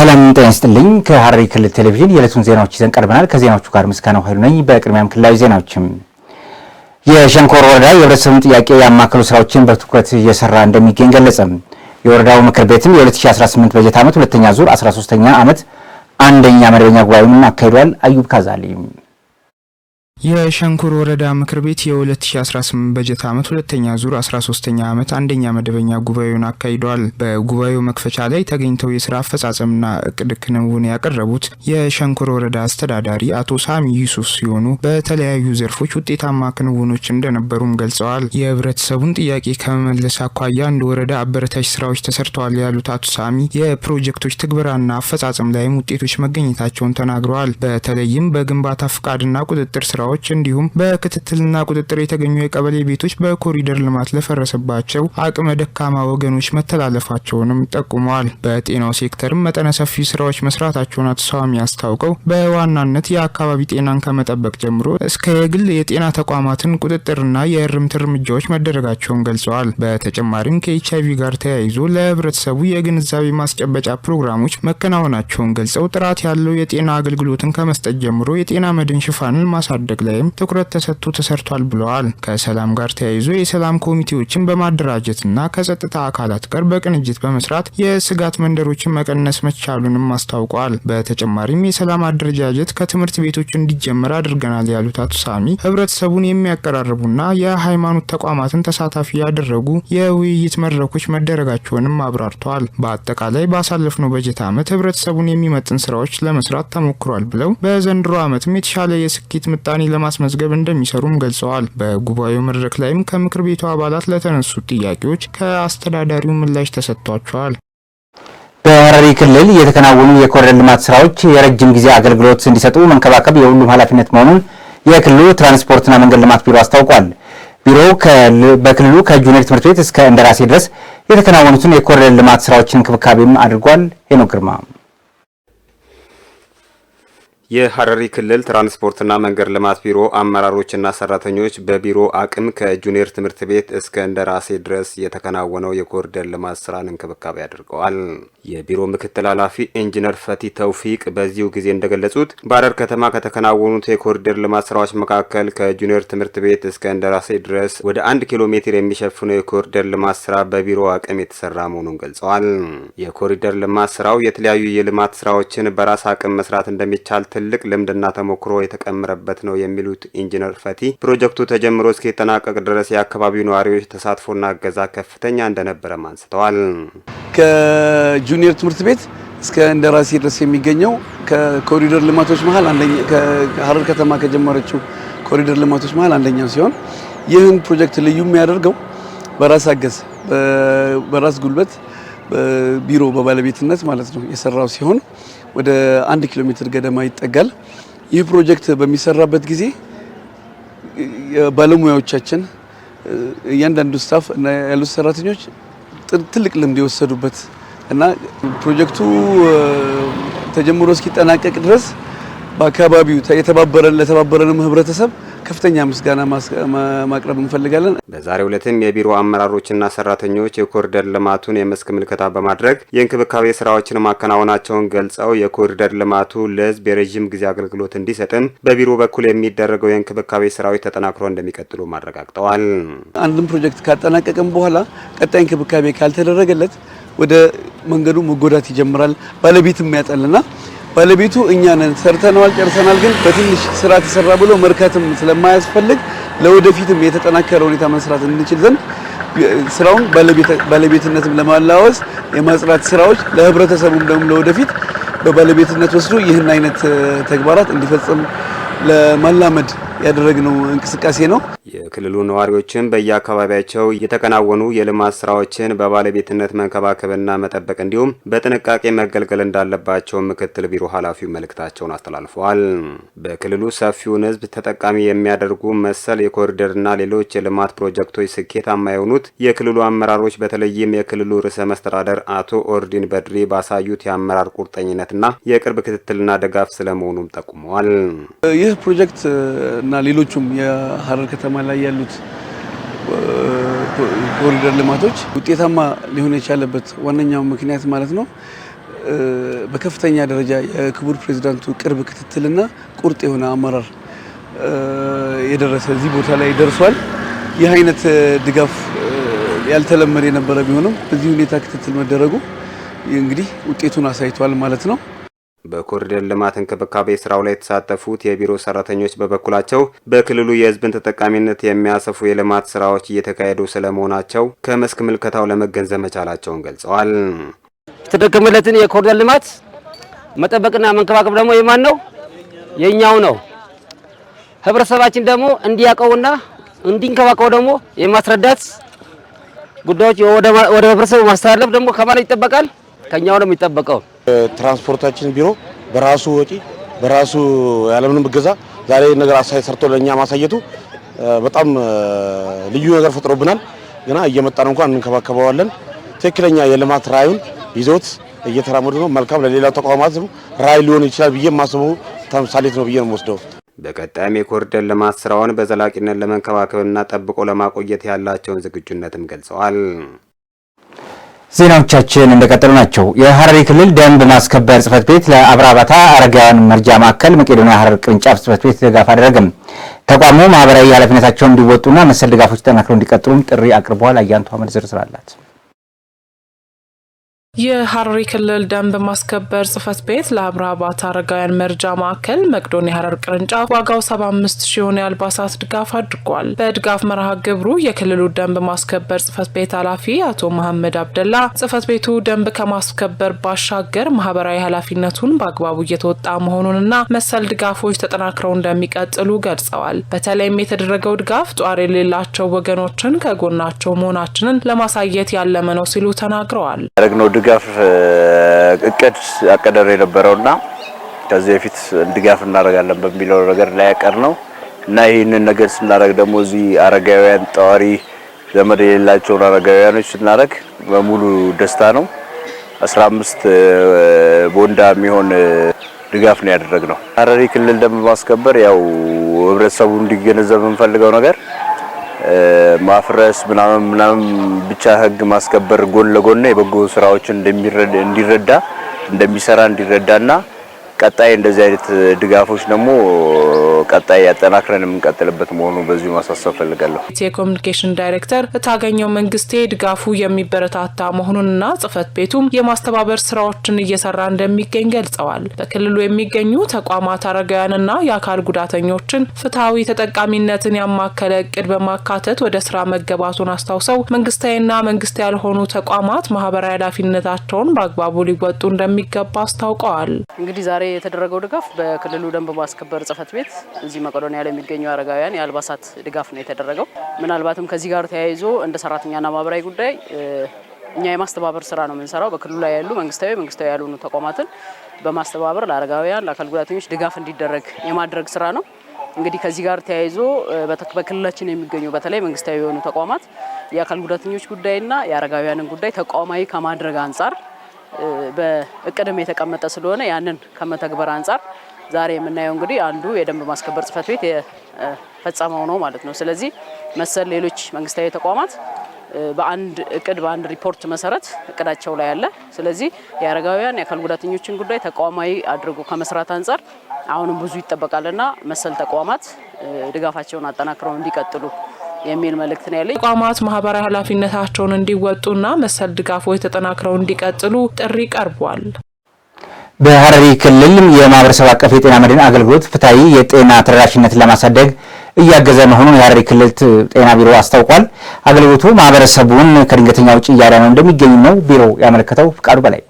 ሰላም ጤና ይስጥልኝ። ከሐረሪ ክልል ቴሌቪዥን የዕለቱን ዜናዎች ይዘን ቀርበናል። ከዜናዎቹ ጋር ምስጋናው ኃይሉ ነኝ። በቅድሚያም ክልላዊ ዜናዎችም የሸንኮር ወረዳ የህብረተሰቡን ጥያቄ ያማከሉ ስራዎችን በትኩረት እየሰራ እንደሚገኝ ገለጸ። የወረዳው ምክር ቤትም የ2018 በጀት ዓመት ሁለተኛ ዙር 13ኛ ዓመት አንደኛ መደበኛ ጉባኤውን አካሂዷል። አዩብ ካዛሊም የሸንኮር ወረዳ ምክር ቤት የ2018 በጀት ዓመት ሁለተኛ ዙር 13ኛ ዓመት አንደኛ መደበኛ ጉባኤውን አካሂደዋል። በጉባኤው መክፈቻ ላይ ተገኝተው የስራ አፈጻጸምና እቅድ ክንውን ያቀረቡት የሸንኮር ወረዳ አስተዳዳሪ አቶ ሳሚ ዩሱፍ ሲሆኑ በተለያዩ ዘርፎች ውጤታማ ክንውኖች እንደነበሩም ገልጸዋል። የህብረተሰቡን ጥያቄ ከመመለስ አኳያ እንደ ወረዳ አበረታች ስራዎች ተሰርተዋል ያሉት አቶ ሳሚ የፕሮጀክቶች ትግበራና አፈጻጸም ላይም ውጤቶች መገኘታቸውን ተናግረዋል። በተለይም በግንባታ ፍቃድና ቁጥጥር ስራ ህንፃዎች እንዲሁም በክትትልና ቁጥጥር የተገኙ የቀበሌ ቤቶች በኮሪደር ልማት ለፈረሰባቸው አቅመ ደካማ ወገኖች መተላለፋቸውንም ጠቁመዋል። በጤናው ሴክተርም መጠነ ሰፊ ስራዎች መስራታቸውን አቶ ሰዋሚ አስታውቀው በዋናነት የአካባቢ ጤናን ከመጠበቅ ጀምሮ እስከ የግል የጤና ተቋማትን ቁጥጥርና የእርምት እርምጃዎች መደረጋቸውን ገልጸዋል። በተጨማሪም ከኤች አይቪ ጋር ተያይዞ ለህብረተሰቡ የግንዛቤ ማስጨበጫ ፕሮግራሞች መከናወናቸውን ገልጸው ጥራት ያለው የጤና አገልግሎትን ከመስጠት ጀምሮ የጤና መድን ሽፋንን ማሳደግ ማስጠንቀቅ ላይም ትኩረት ተሰጥቶ ተሰርቷል ብለዋል። ከሰላም ጋር ተያይዞ የሰላም ኮሚቴዎችን በማደራጀትና ከጸጥታ አካላት ጋር በቅንጅት በመስራት የስጋት መንደሮችን መቀነስ መቻሉንም አስታውቋል። በተጨማሪም የሰላም አደረጃጀት ከትምህርት ቤቶች እንዲጀመር አድርገናል ያሉት አቶ ሳሚ ህብረተሰቡን የሚያቀራርቡና የሃይማኖት ተቋማትን ተሳታፊ ያደረጉ የውይይት መድረኮች መደረጋቸውንም አብራርተዋል። በአጠቃላይ ባሳለፍነው በጀት ዓመት ህብረተሰቡን የሚመጥን ስራዎች ለመስራት ተሞክሯል ብለው በዘንድሮ ዓመትም የተሻለ የስኬት ምጣኔ ለማስመዝገብ እንደሚሰሩም ገልጸዋል። በጉባኤው መድረክ ላይም ከምክር ቤቱ አባላት ለተነሱት ጥያቄዎች ከአስተዳዳሪው ምላሽ ተሰጥቷቸዋል። በሐረሪ ክልል የተከናወኑ የኮሪደር ልማት ስራዎች የረጅም ጊዜ አገልግሎት እንዲሰጡ መንከባከብ የሁሉም ኃላፊነት መሆኑን የክልሉ ትራንስፖርትና መንገድ ልማት ቢሮ አስታውቋል። ቢሮው በክልሉ ከጁኒየር ትምህርት ቤት እስከ እንደራሴ ድረስ የተከናወኑትን የኮሪደር ልማት ስራዎችን እንክብካቤም አድርጓል። ሄኖ ግርማ የሐረሪ ክልል ትራንስፖርትና መንገድ ልማት ቢሮ አመራሮችና ሰራተኞች በቢሮ አቅም ከጁኒየር ትምህርት ቤት እስከ እንደራሴ ድረስ የተከናወነው የኮሪደር ልማት ስራን እንክብካቤ አድርገዋል። የቢሮ ምክትል ኃላፊ ኢንጂነር ፈቲ ተውፊቅ በዚሁ ጊዜ እንደገለጹት በሐረር ከተማ ከተከናወኑት የኮሪደር ልማት ስራዎች መካከል ከጁኒየር ትምህርት ቤት እስከ እንደራሴ ድረስ ወደ አንድ ኪሎ ሜትር የሚሸፍነው የኮሪደር ልማት ስራ በቢሮ አቅም የተሰራ መሆኑን ገልጸዋል። የኮሪደር ልማት ስራው የተለያዩ የልማት ስራዎችን በራስ አቅም መስራት እንደሚቻል ትልቅ ልምድና ተሞክሮ የተቀመረበት ነው የሚሉት ኢንጂነር ፈቲ ፕሮጀክቱ ተጀምሮ እስኪጠናቀቅ ድረስ የአካባቢው ነዋሪዎች ተሳትፎና እገዛ ከፍተኛ እንደነበረም አንስተዋል። ከጁኒየር ትምህርት ቤት እስከ እንደራሴ ድረስ የሚገኘው ከኮሪደር ልማቶች መሀል አንደኛ ሀረር ከተማ ከጀመረችው ኮሪደር ልማቶች መሀል አንደኛው ሲሆን ይህን ፕሮጀክት ልዩ የሚያደርገው በራስ አገዝ በራስ ጉልበት ቢሮ በባለቤትነት ማለት ነው የሰራው ሲሆን ወደ አንድ ኪሎ ሜትር ገደማ ይጠጋል። ይህ ፕሮጀክት በሚሰራበት ጊዜ ባለሙያዎቻችን እያንዳንዱ ስታፍ እና ያሉት ሰራተኞች ትልቅ ልምድ የወሰዱበት እና ፕሮጀክቱ ተጀምሮ እስኪጠናቀቅ ድረስ በአካባቢው የተባበረን ለተባበረንም ህብረተሰብ ከፍተኛ ምስጋና ማቅረብ እንፈልጋለን። በዛሬው ዕለትም የቢሮ አመራሮችና ሰራተኞች የኮሪደር ልማቱን የመስክ ምልከታ በማድረግ የእንክብካቤ ስራዎችን ማከናወናቸውን ገልጸው የኮሪደር ልማቱ ለህዝብ የረዥም ጊዜ አገልግሎት እንዲሰጥም በቢሮ በኩል የሚደረገው የእንክብካቤ ስራዎች ተጠናክሮ እንደሚቀጥሉ ማረጋግጠዋል። አንድም ፕሮጀክት ካጠናቀቅም በኋላ ቀጣይ እንክብካቤ ካልተደረገለት ወደ መንገዱ መጎዳት ይጀምራል፣ ባለቤትም ያጣልና ባለቤቱ እኛ ነን። ሰርተነዋል፣ ጨርሰናል፣ ግን በትንሽ ስራ ተሰራ ብሎ መርካትም ስለማያስፈልግ ለወደፊትም የተጠናከረ ሁኔታ መስራት እንችል ዘንድ ስራውን ባለቤትነትም ለማላወስ የማጽዳት ስራዎች ለህብረተሰቡም ደግሞ ለወደፊት በባለቤትነት ወስዶ ይህን አይነት ተግባራት እንዲፈጽም ለማላመድ ያደረግነው እንቅስቃሴ ነው። የክልሉ ነዋሪዎችን በየአካባቢያቸው የተከናወኑ የልማት ስራዎችን በባለቤትነት መንከባከብና መጠበቅ እንዲሁም በጥንቃቄ መገልገል እንዳለባቸው ምክትል ቢሮ ኃላፊው መልእክታቸውን አስተላልፈዋል። በክልሉ ሰፊውን ሕዝብ ተጠቃሚ የሚያደርጉ መሰል የኮሪደርና ሌሎች የልማት ፕሮጀክቶች ስኬታማ የሆኑት የክልሉ አመራሮች በተለይም የክልሉ ርዕሰ መስተዳደር አቶ ኦርዲን በድሪ ባሳዩት የአመራር ቁርጠኝነትና የቅርብ ክትትልና ድጋፍ ስለመሆኑም ጠቁመዋል። ይህ ፕሮጀክት እና ሌሎቹም የሀረር ከተማ ላይ ያሉት ኮሪደር ልማቶች ውጤታማ ሊሆን የቻለበት ዋነኛው ምክንያት ማለት ነው በከፍተኛ ደረጃ የክቡር ፕሬዚዳንቱ ቅርብ ክትትልና ቁርጥ የሆነ አመራር የደረሰ እዚህ ቦታ ላይ ደርሷል። ይህ አይነት ድጋፍ ያልተለመደ የነበረ ቢሆንም በዚህ ሁኔታ ክትትል መደረጉ እንግዲህ ውጤቱን አሳይቷል ማለት ነው። በኮሪደር ልማት እንክብካቤ ስራው ላይ የተሳተፉት የቢሮ ሰራተኞች በበኩላቸው በክልሉ የህዝብን ተጠቃሚነት የሚያሰፉ የልማት ስራዎች እየተካሄዱ ስለመሆናቸው ከመስክ ምልከታው ለመገንዘብ መቻላቸውን ገልጸዋል። የተደከመለትን የኮሪደር ልማት መጠበቅና መንከባከብ ደግሞ የማን ነው? የኛው ነው። ህብረተሰባችን ደግሞ እንዲያውቀውና እንዲንከባከው ደግሞ የማስረዳት ጉዳዮች ወደ ህብረተሰቡ ማስተላለፍ ደግሞ ከማን ይጠበቃል? ከእኛው ነው የሚጠበቀው። ትራንስፖርታችን ቢሮ በራሱ ወጪ በራሱ ያለምንም እገዛ ዛሬ ነገር አሳይ ሰርቶ ለእኛ ማሳየቱ በጣም ልዩ ነገር ፈጥሮብናል። ግና እየመጣ ነው እንኳን እንከባከበዋለን። ትክክለኛ የልማት ራዩን ይዞት እየተራመዱ ነው። መልካም ለሌላው ተቋማት ራይ ሊሆን ይችላል ብዬ የማስበው ተምሳሌት ነው ብዬ ነው የምወስደው። በቀጣይም የኮሪደር ልማት ስራውን በዘላቂነት ለመንከባከብና ጠብቆ ለማቆየት ያላቸውን ዝግጁነትም ገልጸዋል። ዜናዎቻችን እንደቀጠሉ ናቸው። የሐረሪ ክልል ደንብ ማስከበር ጽሕፈት ቤት ለአብራባታ አረጋውያን መርጃ ማዕከል መቄዶንያ ሐረር ቅርንጫፍ ጽሕፈት ቤት ድጋፍ አደረገም። ተቋሙ ማህበራዊ ኃላፊነታቸውን እንዲወጡና መሰል ድጋፎች ጠናክረው እንዲቀጥሉም ጥሪ አቅርበዋል። አያንቱ አመድ ዝርዝር አላት። የሐረሪ ክልል ደንብ ማስከበር ጽህፈት ቤት ለአብርሃባት አረጋውያን መርጃ ማዕከል መቅዶን የሐረር ቅርንጫፍ ዋጋው 75 ሺህ የሆነ የአልባሳት ድጋፍ አድርጓል። በድጋፍ መርሃ ግብሩ የክልሉ ደንብ ማስከበር ጽህፈት ቤት ኃላፊ አቶ መሐመድ አብደላ ጽህፈት ቤቱ ደንብ ከማስከበር ባሻገር ማህበራዊ ኃላፊነቱን በአግባቡ እየተወጣ መሆኑንና መሰል ድጋፎች ተጠናክረው እንደሚቀጥሉ ገልጸዋል። በተለይም የተደረገው ድጋፍ ጧሪ የሌላቸው ወገኖችን ከጎናቸው መሆናችንን ለማሳየት ያለመ ነው ሲሉ ተናግረዋል። ድጋፍ እቅድ አቀደር የነበረውና ከዚህ በፊት ድጋፍ እናደርጋለን በሚለው ነገር ላይ ያቀር ነው እና ይህንን ነገር ስናደርግ ደግሞ እዚህ አረጋውያን ጠዋሪ ዘመድ የሌላቸውን አረጋውያኖች ስናደርግ በሙሉ ደስታ ነው። 15 ቦንዳ የሚሆን ድጋፍ ነው ነው። ሐረሪ ክልል ደንብ ማስከበር ያው ህብረተሰቡ እንዲገነዘብ የምንፈልገው ነገር ማፍረስ ምናምን ምናምን ብቻ ህግ ማስከበር ጎን ለጎን የበጎ ስራዎችን እንዲረዳ እንደሚሰራ እንዲረዳና ቀጣይ እንደዚህ አይነት ድጋፎች ደግሞ ቀጣይ ያጠናክረን የምንቀጥልበት መሆኑ በዚሁ ማሳሰብ ፈልጋለሁ። የኮሚኒኬሽን ዳይሬክተር እታገኘው መንግስቴ ድጋፉ የሚበረታታ መሆኑንና ጽህፈት ቤቱም የማስተባበር ስራዎችን እየሰራ እንደሚገኝ ገልጸዋል። በክልሉ የሚገኙ ተቋማት አረጋውያንና የአካል ጉዳተኞችን ፍትሐዊ ተጠቃሚነትን ያማከለ እቅድ በማካተት ወደ ስራ መገባቱን አስታውሰው መንግስታዊና መንግስት ያልሆኑ ተቋማት ማህበራዊ ኃላፊነታቸውን በአግባቡ ሊወጡ እንደሚገባ አስታውቀዋል። እንግዲህ ዛሬ የተደረገው ድጋፍ በክልሉ ደንብ ማስከበር ጽህፈት ቤት እዚህ መቄዶንያ ላይ የሚገኙ አረጋውያን የአልባሳት ድጋፍ ነው የተደረገው። ምናልባትም ከዚህ ጋር ተያይዞ እንደ ሰራተኛና ማህበራዊ ጉዳይ እኛ የማስተባበር ስራ ነው የምንሰራው። በክልሉ ላይ ያሉ መንግስታዊ፣ መንግስታዊ ያልሆኑ ተቋማትን በማስተባበር ለአረጋውያን፣ ለአካል ጉዳተኞች ድጋፍ እንዲደረግ የማድረግ ስራ ነው። እንግዲህ ከዚህ ጋር ተያይዞ በክልላችን የሚገኙ በተለይ መንግስታዊ የሆኑ ተቋማት የአካል ጉዳተኞች ጉዳይና የአረጋውያንን ጉዳይ ተቋማዊ ከማድረግ አንጻር በእቅድም የተቀመጠ ስለሆነ ያንን ከመተግበር አንጻር ዛሬ የምናየው እንግዲህ አንዱ የደንብ ማስከበር ጽፈት ቤት የፈጸመው ነው ማለት ነው። ስለዚህ መሰል ሌሎች መንግስታዊ ተቋማት በአንድ እቅድ በአንድ ሪፖርት መሰረት እቅዳቸው ላይ አለ። ስለዚህ የአረጋውያን የአካል ጉዳተኞችን ጉዳይ ተቋማዊ አድርጎ ከመስራት አንጻር አሁንም ብዙ ይጠበቃልና መሰል ተቋማት ድጋፋቸውን አጠናክረው እንዲቀጥሉ የሚል መልእክት ነው ያለኝ። ተቋማት ማህበራዊ ኃላፊነታቸውን እንዲወጡና መሰል ድጋፎች ተጠናክረው እንዲቀጥሉ ጥሪ ቀርቧል። በሐረሪ ክልል የማህበረሰብ አቀፍ የጤና መድን አገልግሎት ፍትሐዊ የጤና ተደራሽነትን ለማሳደግ እያገዘ መሆኑን የሐረሪ ክልል ጤና ቢሮ አስታውቋል። አገልግሎቱ ማህበረሰቡን ከድንገተኛ ውጭ እያዳነው እንደሚገኝ ነው ቢሮ ያመለከተው። ፍቃዱ በላይ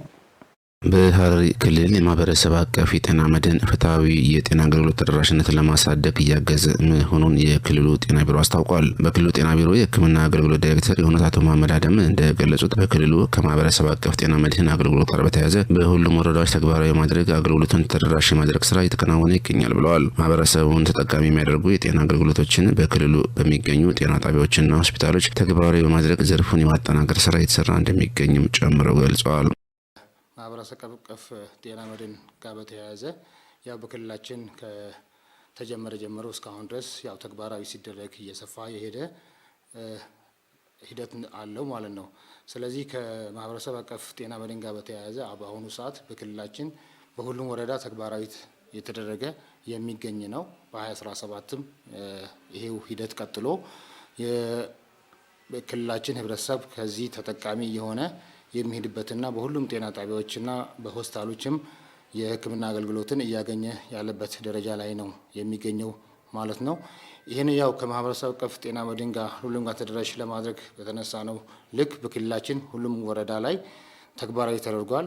በሐረሪ ክልል የማህበረሰብ አቀፍ የጤና መድን ፍትሐዊ የጤና አገልግሎት ተደራሽነት ለማሳደግ እያገዘ መሆኑን የክልሉ ጤና ቢሮ አስታውቋል። በክልሉ ጤና ቢሮ የሕክምና አገልግሎት ዳይሬክተር የሆኑት አቶ መሐመድ አደም እንደገለጹት በክልሉ ከማህበረሰብ አቀፍ ጤና መድህን አገልግሎት ጋር በተያያዘ በሁሉም ወረዳዎች ተግባራዊ ማድረግ አገልግሎቱን ተደራሽ የማድረግ ስራ እየተከናወነ ይገኛል ብለዋል። ማህበረሰቡን ተጠቃሚ የሚያደርጉ የጤና አገልግሎቶችን በክልሉ በሚገኙ ጤና ጣቢያዎችና ሆስፒታሎች ተግባራዊ በማድረግ ዘርፉን የማጠናከር ስራ እየተሰራ እንደሚገኝም ጨምረው ገልጸዋል። ከራስ አቀፍ ጤና መድን ጋር በተያያዘ ያው በክልላችን ከተጀመረ ጀምሮ እስካሁን ድረስ ያው ተግባራዊ ሲደረግ እየሰፋ የሄደ ሂደት አለው ማለት ነው። ስለዚህ ከማህበረሰብ አቀፍ ጤና መድን ጋር በተያያዘ በአሁኑ ሰዓት በክልላችን በሁሉም ወረዳ ተግባራዊ የተደረገ የሚገኝ ነው። በ2017ም ይሄው ሂደት ቀጥሎ የክልላችን ህብረተሰብ ከዚህ ተጠቃሚ የሆነ የሚሄድበትና በሁሉም ጤና ጣቢያዎችና በሆስፒታሎችም የሕክምና አገልግሎትን እያገኘ ያለበት ደረጃ ላይ ነው የሚገኘው ማለት ነው። ይህን ያው ከማህበረሰብ አቀፍ ጤና መድን ጋር ሁሉም ጋር ተደራሽ ለማድረግ በተነሳ ነው ልክ በክልላችን ሁሉም ወረዳ ላይ ተግባራዊ ተደርጓል።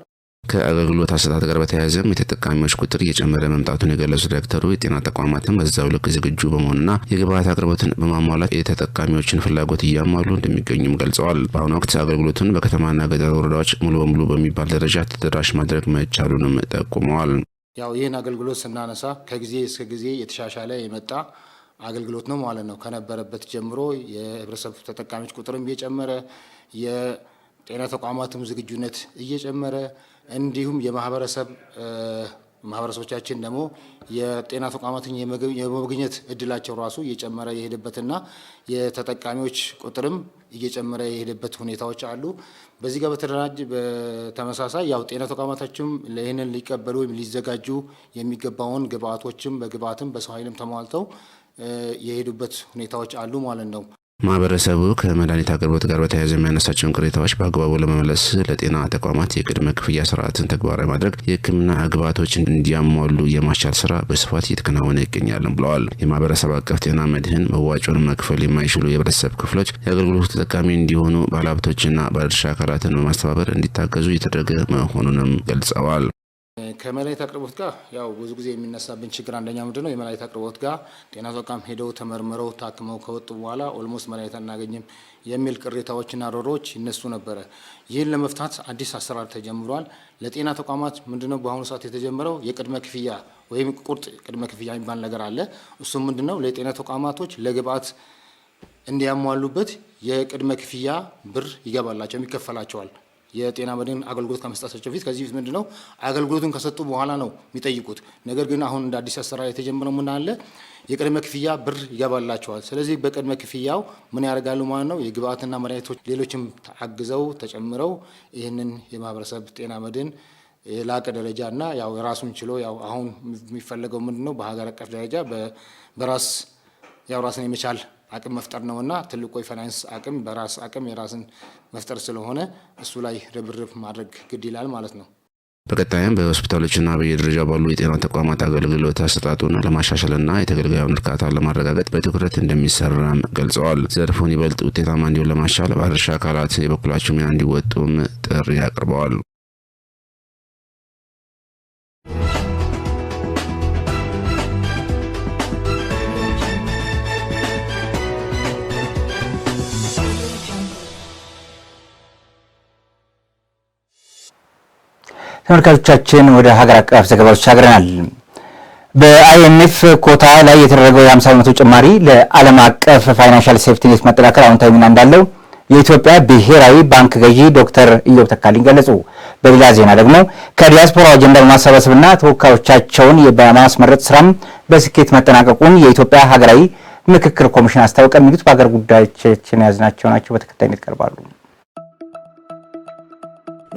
ከአገልግሎት አሰጣጥ ጋር በተያያዘም የተጠቃሚዎች ቁጥር እየጨመረ መምጣቱን የገለጹት ዳይሬክተሩ የጤና ተቋማትን በዛው ልክ ዝግጁ በመሆንና የግብዓት አቅርቦትን በማሟላት የተጠቃሚዎችን ፍላጎት እያሟሉ እንደሚገኙም ገልጸዋል። በአሁኑ ወቅት አገልግሎቱን በከተማና ገጠር ወረዳዎች ሙሉ በሙሉ በሚባል ደረጃ ተደራሽ ማድረግ መቻሉንም ጠቁመዋል። ያው ይህን አገልግሎት ስናነሳ ከጊዜ እስከ ጊዜ የተሻሻለ የመጣ አገልግሎት ነው ማለት ነው። ከነበረበት ጀምሮ የህብረተሰብ ተጠቃሚዎች ቁጥርም እየጨመረ የጤና ተቋማትም ዝግጁነት እየጨመረ እንዲሁም የማህበረሰብ ማህበረሰቦቻችን ደግሞ የጤና ተቋማትን የመግኘት እድላቸው ራሱ እየጨመረ የሄደበትና የተጠቃሚዎች ቁጥርም እየጨመረ የሄደበት ሁኔታዎች አሉ። በዚህ ጋር በተደራጅ በተመሳሳይ ያው ጤና ተቋማታችም ይህንን ሊቀበሉ ወይም ሊዘጋጁ የሚገባውን ግብአቶችም በግብአትም በሰው ኃይልም ተሟልተው የሄዱበት ሁኔታዎች አሉ ማለት ነው። ማህበረሰቡ ከመድኃኒት አቅርቦት ጋር በተያያዘ የሚያነሳቸውን ቅሬታዎች በአግባቡ ለመመለስ ለጤና ተቋማት የቅድመ ክፍያ ስርዓትን ተግባራዊ ማድረግ፣ የሕክምና ግብዓቶች እንዲያሟሉ የማስቻል ስራ በስፋት እየተከናወነ ይገኛልም ብለዋል። የማህበረሰብ አቀፍ ጤና መድህን መዋጮን መክፈል የማይችሉ የህብረተሰብ ክፍሎች የአገልግሎቱ ተጠቃሚ እንዲሆኑ ባለሀብቶችና ባለድርሻ አካላትን በማስተባበር እንዲታገዙ እየተደረገ መሆኑንም ገልጸዋል። ከመድኃኒት አቅርቦት ጋር ያው ብዙ ጊዜ የሚነሳብን ችግር አንደኛ ምንድን ነው የመድኃኒት አቅርቦት ጋር ጤና ተቋም ሄደው ተመርምረው ታክመው ከወጡ በኋላ ኦልሞስት መድኃኒት አናገኝም የሚል ቅሬታዎችና ሮሮዎች ይነሱ ነበረ። ይህን ለመፍታት አዲስ አሰራር ተጀምሯል። ለጤና ተቋማት ምንድነው በአሁኑ ሰዓት የተጀመረው የቅድመ ክፍያ ወይም ቁርጥ ቅድመ ክፍያ የሚባል ነገር አለ። እሱም ምንድነው ለጤና ተቋማቶች ለግብአት እንዲያሟሉበት የቅድመ ክፍያ ብር ይገባላቸው ይከፈላቸዋል። የጤና መድን አገልግሎት ከመስጠታቸው በፊት ከዚህ በፊት ምንድነው አገልግሎቱን ከሰጡ በኋላ ነው የሚጠይቁት። ነገር ግን አሁን እንደ አዲስ አሰራር የተጀመረው ምን አለ የቅድመ ክፍያ ብር ይገባላቸዋል። ስለዚህ በቅድመ ክፍያው ምን ያደርጋሉ ማለት ነው የግብአትና መድኃኒቶች ሌሎችም ተአግዘው ተጨምረው ይህንን የማህበረሰብ ጤና መድን የላቀ ደረጃ እና ያው ራሱን ችሎ ያው አሁን የሚፈለገው ምንድነው በሀገር አቀፍ ደረጃ በራስ ያው ራስን የመቻል አቅም መፍጠር ነውና ትልቁ የፋይናንስ አቅም በራስ አቅም የራስን መፍጠር ስለሆነ እሱ ላይ ርብርብ ማድረግ ግድ ይላል ማለት ነው። በቀጣይም በሆስፒታሎችና በየደረጃ ባሉ የጤና ተቋማት አገልግሎት አሰጣጡን ለማሻሻልና የተገልጋዩን እርካታ ለማረጋገጥ በትኩረት እንደሚሰራም ገልጸዋል። ዘርፉን ይበልጥ ውጤታማ እንዲሆን ለማሻል ባለድርሻ አካላት የበኩላቸው ሚና እንዲወጡም ጥሪ አቅርበዋል። ተመልካቾቻችን ወደ ሀገር አቀፍ ዘገባዎች ተሻግረናል። በአይኤምኤፍ ኮታ ላይ የተደረገው የ50 በመቶ ጭማሪ ለዓለም አቀፍ ፋይናንሻል ሴፍቲኔት መጠናከር አዎንታዊ ሚና እንዳለው የኢትዮጵያ ብሔራዊ ባንክ ገዢ ዶክተር ኢዮብ ተካልኝ ገለጹ። በሌላ ዜና ደግሞ ከዲያስፖራ አጀንዳ በማሰባሰብና ተወካዮቻቸውን በማስመረጥ ስራም በስኬት መጠናቀቁን የኢትዮጵያ ሀገራዊ ምክክር ኮሚሽን አስታወቀ። የሚሉት በሀገር ጉዳዮቻችን የያዝናቸው ናቸው። በተከታይነት ይቀርባሉ።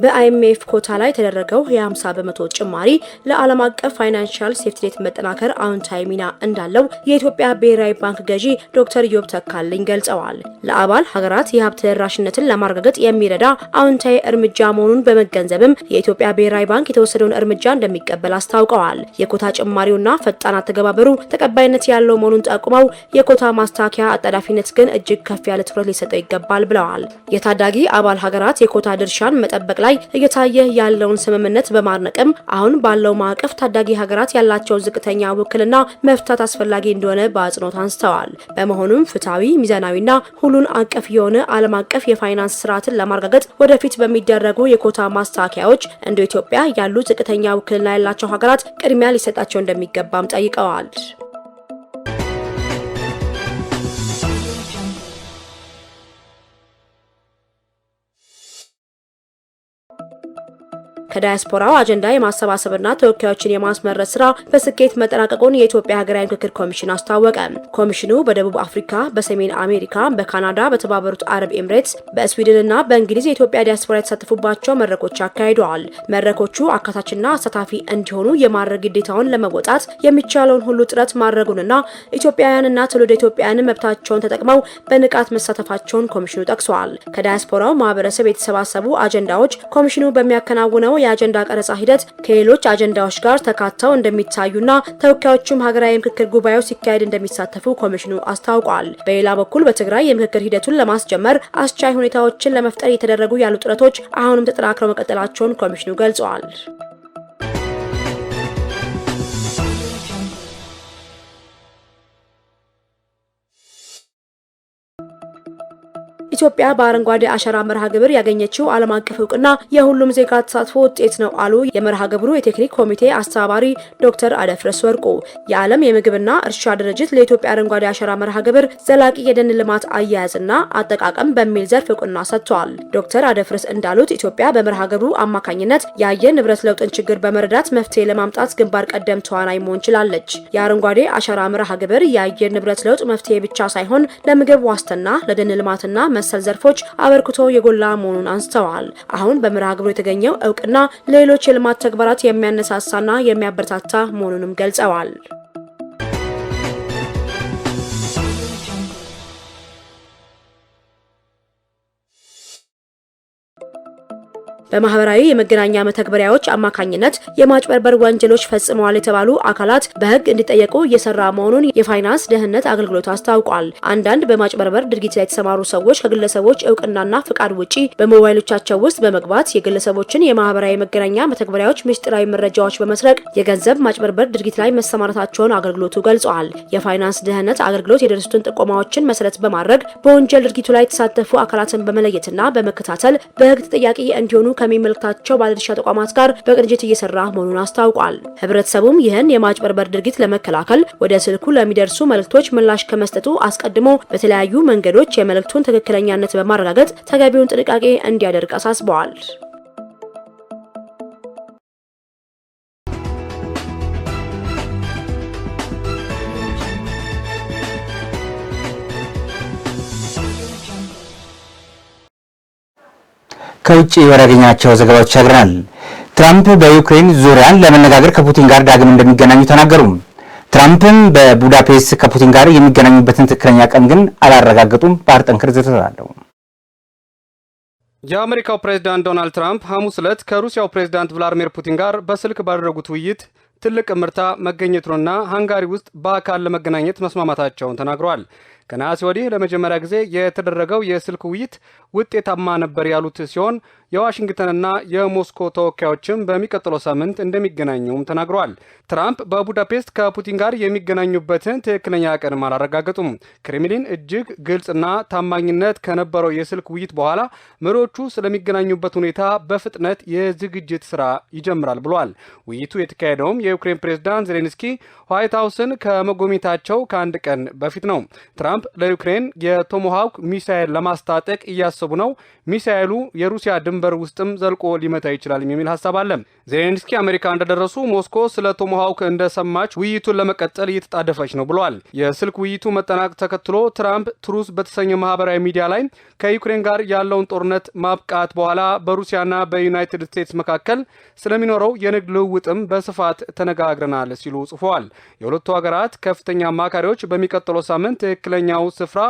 በአይኤምኤፍ ኮታ ላይ የተደረገው የ50 በመቶ ጭማሪ ለዓለም አቀፍ ፋይናንሻል ሴፍትኔት መጠናከር አዎንታዊ ሚና እንዳለው የኢትዮጵያ ብሔራዊ ባንክ ገዢ ዶክተር ዮብ ተካልኝ ገልጸዋል። ለአባል ሀገራት የሀብት ተደራሽነትን ለማረጋገጥ የሚረዳ አዎንታዊ እርምጃ መሆኑን በመገንዘብም የኢትዮጵያ ብሔራዊ ባንክ የተወሰደውን እርምጃ እንደሚቀበል አስታውቀዋል። የኮታ ጭማሪውና ፈጣን አተገባበሩ ተቀባይነት ያለው መሆኑን ጠቁመው የኮታ ማስታወቂያ አጣዳፊነት ግን እጅግ ከፍ ያለ ትኩረት ሊሰጠው ይገባል ብለዋል። የታዳጊ አባል ሀገራት የኮታ ድርሻን መጠበቅ ላይ እየታየ ያለውን ስምምነት በማድነቅም አሁን ባለው ማዕቀፍ ታዳጊ ሀገራት ያላቸውን ዝቅተኛ ውክልና መፍታት አስፈላጊ እንደሆነ በአጽንኦት አንስተዋል። በመሆኑም ፍትሐዊ፣ ሚዛናዊና ሁሉን አቀፍ የሆነ ዓለም አቀፍ የፋይናንስ ስርዓትን ለማረጋገጥ ወደፊት በሚደረጉ የኮታ ማስተካከያዎች እንደ ኢትዮጵያ ያሉ ዝቅተኛ ውክልና ያላቸው ሀገራት ቅድሚያ ሊሰጣቸው እንደሚገባም ጠይቀዋል። ከዳያስፖራው አጀንዳ የማሰባሰብና ተወካዮችን የማስመረጥ ስራ በስኬት መጠናቀቁን የኢትዮጵያ ሀገራዊ ምክክር ኮሚሽን አስታወቀ። ኮሚሽኑ በደቡብ አፍሪካ፣ በሰሜን አሜሪካ፣ በካናዳ፣ በተባበሩት አረብ ኤምሬትስ፣ በስዊድንና በእንግሊዝ የኢትዮጵያ ዲያስፖራ የተሳተፉባቸው መድረኮች አካሂደዋል። መድረኮቹ አካታችና አሳታፊ እንዲሆኑ የማድረግ ግዴታውን ለመወጣት የሚቻለውን ሁሉ ጥረት ማድረጉንና ኢትዮጵያውያንና ትውልደ ኢትዮጵያውያንን መብታቸውን ተጠቅመው በንቃት መሳተፋቸውን ኮሚሽኑ ጠቅሰዋል። ከዳያስፖራው ማህበረሰብ የተሰባሰቡ አጀንዳዎች ኮሚሽኑ በሚያከናውነው የአጀንዳ ቀረጻ ሂደት ከሌሎች አጀንዳዎች ጋር ተካተው እንደሚታዩና ተወካዮቹም ሀገራዊ የምክክር ጉባኤው ሲካሄድ እንደሚሳተፉ ኮሚሽኑ አስታውቋል። በሌላ በኩል በትግራይ የምክክር ሂደቱን ለማስጀመር አስቻይ ሁኔታዎችን ለመፍጠር እየተደረጉ ያሉ ጥረቶች አሁንም ተጠናክረው መቀጠላቸውን ኮሚሽኑ ገልጿል። ኢትዮጵያ በአረንጓዴ አሻራ መርሃ ግብር ያገኘችው ዓለም አቀፍ እውቅና የሁሉም ዜጋ ተሳትፎ ውጤት ነው አሉ የመርሃ ግብሩ የቴክኒክ ኮሚቴ አስተባባሪ ዶክተር አደፍረስ ወርቁ። የዓለም የምግብና እርሻ ድርጅት ለኢትዮጵያ አረንጓዴ አሻራ መርሃ ግብር ዘላቂ የደን ልማት አያያዝና አጠቃቀም በሚል ዘርፍ እውቅና ሰጥቷል። ዶክተር አደፍረስ እንዳሉት ኢትዮጵያ በመርሃ ግብሩ አማካኝነት የአየር ንብረት ለውጥን ችግር በመረዳት መፍትሄ ለማምጣት ግንባር ቀደም ተዋናይ መሆን ችላለች። የአረንጓዴ አሻራ መርሃ ግብር የአየር ንብረት ለውጥ መፍትሄ ብቻ ሳይሆን ለምግብ ዋስትና፣ ለደን ልማትና መሰል ዘርፎች አበርክቶ የጎላ መሆኑን አንስተዋል። አሁን በመርሃ ግብሩ የተገኘው እውቅና ለሌሎች የልማት ተግባራት የሚያነሳሳና የሚያበረታታ መሆኑንም ገልጸዋል። በማህበራዊ የመገናኛ መተግበሪያዎች አማካኝነት የማጭበርበር ወንጀሎች ፈጽመዋል የተባሉ አካላት በህግ እንዲጠየቁ እየሰራ መሆኑን የፋይናንስ ደህንነት አገልግሎት አስታውቋል። አንዳንድ በማጭበርበር ድርጊት ላይ የተሰማሩ ሰዎች ከግለሰቦች እውቅናና ፍቃድ ውጪ በሞባይሎቻቸው ውስጥ በመግባት የግለሰቦችን የማህበራዊ የመገናኛ መተግበሪያዎች ምስጢራዊ መረጃዎች በመስረቅ የገንዘብ ማጭበርበር ድርጊት ላይ መሰማራታቸውን አገልግሎቱ ገልጿል። የፋይናንስ ደህንነት አገልግሎት የደረሱትን ጥቆማዎችን መሰረት በማድረግ በወንጀል ድርጊቱ ላይ የተሳተፉ አካላትን በመለየትና በመከታተል በህግ ተጠያቂ እንዲሆኑ ከሚመልካቸው ባለድርሻ ተቋማት ጋር በቅንጅት እየሰራ መሆኑን አስታውቋል። ህብረተሰቡም ይህን የማጭበርበር ድርጊት ለመከላከል ወደ ስልኩ ለሚደርሱ መልእክቶች ምላሽ ከመስጠቱ አስቀድሞ በተለያዩ መንገዶች የመልእክቱን ትክክለኛነት በማረጋገጥ ተገቢውን ጥንቃቄ እንዲያደርግ አሳስበዋል። ከውጭ ወዳገኛቸው ዘገባዎች ተሻግረናል። ትራምፕ በዩክሬን ዙሪያን ለመነጋገር ከፑቲን ጋር ዳግም እንደሚገናኙ ተናገሩ። ትራምፕም በቡዳፔስት ከፑቲን ጋር የሚገናኙበትን ትክክለኛ ቀን ግን አላረጋገጡም። ባህር ጠንክር ዝርዝራለሁ። የአሜሪካው ፕሬዝዳንት ዶናልድ ትራምፕ ሐሙስ ዕለት ከሩሲያው ፕሬዝዳንት ቭላዲሚር ፑቲን ጋር በስልክ ባደረጉት ውይይት ትልቅ ምርታ መገኘቱንና ሃንጋሪ ውስጥ በአካል ለመገናኘት መስማማታቸውን ተናግረዋል። ከነሐሴ ወዲህ ለመጀመሪያ ጊዜ የተደረገው የስልክ ውይይት ውጤታማ ነበር ያሉት ሲሆን የዋሽንግተንና የሞስኮ ተወካዮችም በሚቀጥለው ሳምንት እንደሚገናኙም ተናግረዋል። ትራምፕ በቡዳፔስት ከፑቲን ጋር የሚገናኙበትን ትክክለኛ ቀንም አላረጋገጡም። ክሬምሊን እጅግ ግልጽና ታማኝነት ከነበረው የስልክ ውይይት በኋላ መሪዎቹ ስለሚገናኙበት ሁኔታ በፍጥነት የዝግጅት ስራ ይጀምራል ብሏል። ውይይቱ የተካሄደውም የዩክሬን ፕሬዝዳንት ዜሌንስኪ ዋይት ሀውስን ከመጎብኘታቸው ከአንድ ቀን በፊት ነው። ትራምፕ ለዩክሬን የቶሞሃውክ ሚሳኤል ለማስታጠቅ እያሰቡ ነው፣ ሚሳኤሉ የሩሲያ ድንበር ውስጥም ዘልቆ ሊመታ ይችላል የሚል ሀሳብ አለ። ዜሌንስኪ አሜሪካ እንደደረሱ ሞስኮ ስለ ቶሞሃውክ እንደሰማች ውይይቱን ለመቀጠል እየተጣደፈች ነው ብለዋል። የስልክ ውይይቱ መጠናቅ ተከትሎ ትራምፕ ትሩስ በተሰኘ ማህበራዊ ሚዲያ ላይ ከዩክሬን ጋር ያለውን ጦርነት ማብቃት በኋላ በሩሲያና በዩናይትድ ስቴትስ መካከል ስለሚኖረው የንግድ ልውውጥም በስፋት ተነጋግረናል ሲሉ ጽፈዋል። የሁለቱ ሀገራት ከፍተኛ አማካሪዎች በሚቀጥለው ሳምንት ትክክለኛ ስድስተኛው ስፍራ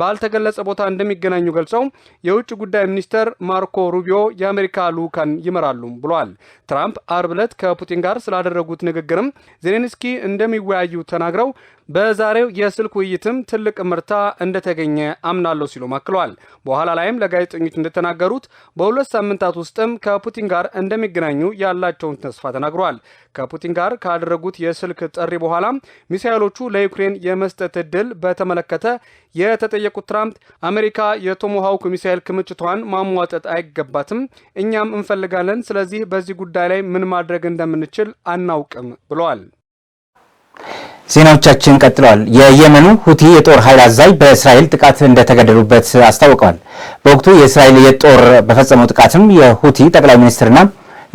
ባልተገለጸ ቦታ እንደሚገናኙ ገልጸው የውጭ ጉዳይ ሚኒስተር ማርኮ ሩቢዮ የአሜሪካ ልዑካን ይመራሉ ብሏል። ትራምፕ አርብ ዕለት ከፑቲን ጋር ስላደረጉት ንግግርም ዜሌንስኪ እንደሚወያዩ ተናግረው በዛሬው የስልክ ውይይትም ትልቅ ምርታ እንደተገኘ አምናለሁ ሲሉ አክለዋል። በኋላ ላይም ለጋዜጠኞች እንደተናገሩት በሁለት ሳምንታት ውስጥም ከፑቲን ጋር እንደሚገናኙ ያላቸውን ተስፋ ተናግረዋል። ከፑቲን ጋር ካደረጉት የስልክ ጥሪ በኋላ ሚሳይሎቹ ለዩክሬን የመስጠት እድል በተመለከተ የተጠ የጠየቁት ትራምፕ አሜሪካ የቶሞሃውክ ሚሳኤል ክምችቷን ማሟጠጥ አይገባትም፣ እኛም እንፈልጋለን። ስለዚህ በዚህ ጉዳይ ላይ ምን ማድረግ እንደምንችል አናውቅም ብለዋል። ዜናዎቻችን ቀጥለዋል። የየመኑ ሁቲ የጦር ኃይል አዛዥ በእስራኤል ጥቃት እንደተገደሉበት አስታውቀዋል። በወቅቱ የእስራኤል የጦር በፈጸመው ጥቃትም የሁቲ ጠቅላይ ሚኒስትርና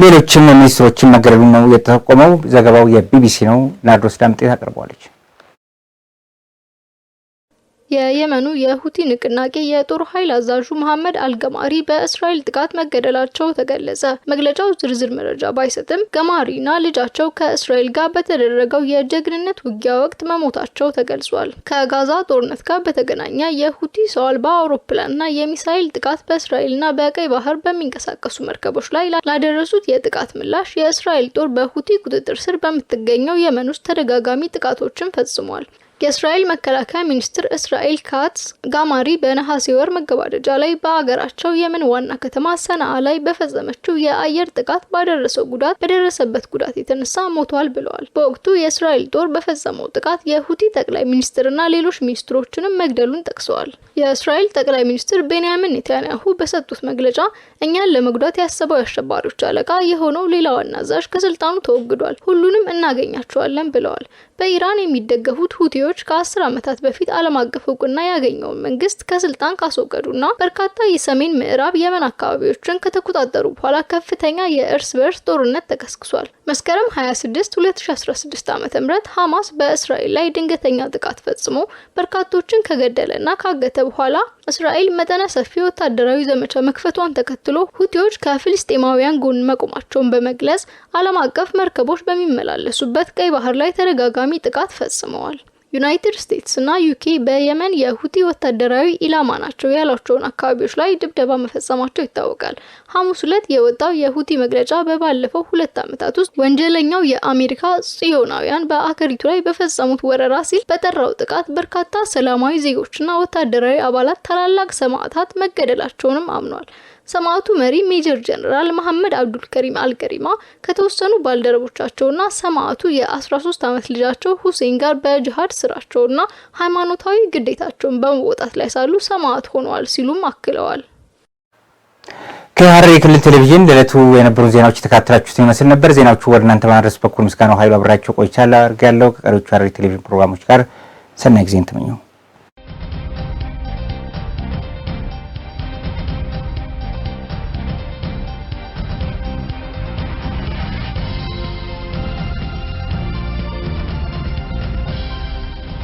ሌሎችም ሚኒስትሮችን መገደሉ ነው የተጠቆመው። ዘገባው የቢቢሲ ነው። ናርዶስ ዳምጤት አቅርበዋለች። የየመኑ የሁቲ ንቅናቄ የጦር ኃይል አዛዡ መሐመድ አልገማሪ በእስራኤል ጥቃት መገደላቸው ተገለጸ። መግለጫው ዝርዝር መረጃ ባይሰጥም ገማሪና ልጃቸው ከእስራኤል ጋር በተደረገው የጀግንነት ውጊያ ወቅት መሞታቸው ተገልጿል። ከጋዛ ጦርነት ጋር በተገናኘ የሁቲ ሰው አልባ አውሮፕላንና የሚሳኤል ጥቃት በእስራኤልና በቀይ ባህር በሚንቀሳቀሱ መርከቦች ላይ ላደረሱት የጥቃት ምላሽ የእስራኤል ጦር በሁቲ ቁጥጥር ስር በምትገኘው የመን ውስጥ ተደጋጋሚ ጥቃቶችን ፈጽሟል። የእስራኤል መከላከያ ሚኒስትር እስራኤል ካትስ ጋማሪ በነሐሴ ወር መገባደጃ ላይ በአገራቸው የመን ዋና ከተማ ሰናአ ላይ በፈጸመችው የአየር ጥቃት ባደረሰው ጉዳት በደረሰበት ጉዳት የተነሳ ሞቷል ብለዋል። በወቅቱ የእስራኤል ጦር በፈጸመው ጥቃት የሁቲ ጠቅላይ ሚኒስትርና ሌሎች ሚኒስትሮችንም መግደሉን ጠቅሰዋል። የእስራኤል ጠቅላይ ሚኒስትር ቤንያሚን ኔታንያሁ በሰጡት መግለጫ እኛን ለመጉዳት ያሰበው የአሸባሪዎች አለቃ የሆነው ሌላ ዋና አዛዥ ከስልጣኑ ተወግዷል፣ ሁሉንም እናገኛቸዋለን ብለዋል። በኢራን የሚደገፉት ሁቲዎች ከአስር ዓመታት በፊት ዓለም አቀፍ እውቅና ያገኘውን መንግስት ከስልጣን ካስወገዱና በርካታ የሰሜን ምዕራብ የመን አካባቢዎችን ከተቆጣጠሩ በኋላ ከፍተኛ የእርስ በርስ ጦርነት ተቀስቅሷል። መስከረም 26 2016 ዓ.ም ሐማስ በእስራኤል ላይ ድንገተኛ ጥቃት ፈጽሞ በርካቶችን ከገደለና ካገተ በኋላ እስራኤል መጠነ ሰፊ ወታደራዊ ዘመቻ መክፈቷን ተከትሎ ሁቲዎች ከፍልስጤማውያን ጎን መቆማቸውን በመግለጽ ዓለም አቀፍ መርከቦች በሚመላለሱበት ቀይ ባህር ላይ ተደጋጋሚ ተደጋጋሚ ጥቃት ፈጽመዋል። ዩናይትድ ስቴትስ እና ዩኬ በየመን የሁቲ ወታደራዊ ኢላማ ናቸው ያሏቸውን አካባቢዎች ላይ ድብደባ መፈጸማቸው ይታወቃል። ሐሙስ ዕለት የወጣው የሁቲ መግለጫ በባለፈው ሁለት ዓመታት ውስጥ ወንጀለኛው የአሜሪካ ጽዮናውያን በአገሪቱ ላይ በፈጸሙት ወረራ ሲል በጠራው ጥቃት በርካታ ሰላማዊ ዜጎችና ወታደራዊ አባላት ታላላቅ ሰማዕታት መገደላቸውንም አምኗል። ሰማዕቱ መሪ ሜጀር ጀነራል መሐመድ አብዱል ከሪም አልገሪማ ከተወሰኑ ባልደረቦቻቸውና ሰማዕቱ የ13 ዓመት ልጃቸው ሁሴን ጋር በጅሃድ ስራቸውና ሃይማኖታዊ ግዴታቸውን በመወጣት ላይ ሳሉ ሰማዕት ሆነዋል ሲሉም አክለዋል። ከሀረሪ ክልል ቴሌቪዥን ለዕለቱ የነበሩ ዜናዎች የተካተላችሁትን ይመስል ነበር። ዜናዎቹ ወደ እናንተ በማድረስ በኩል ምስጋናው ኃይሉ አብራቸው ቆይቻ ላርግ ያለው ከቀሪዎቹ ሀረሪ ቴሌቪዥን ፕሮግራሞች ጋር ሰናይ ጊዜን ተመኘው።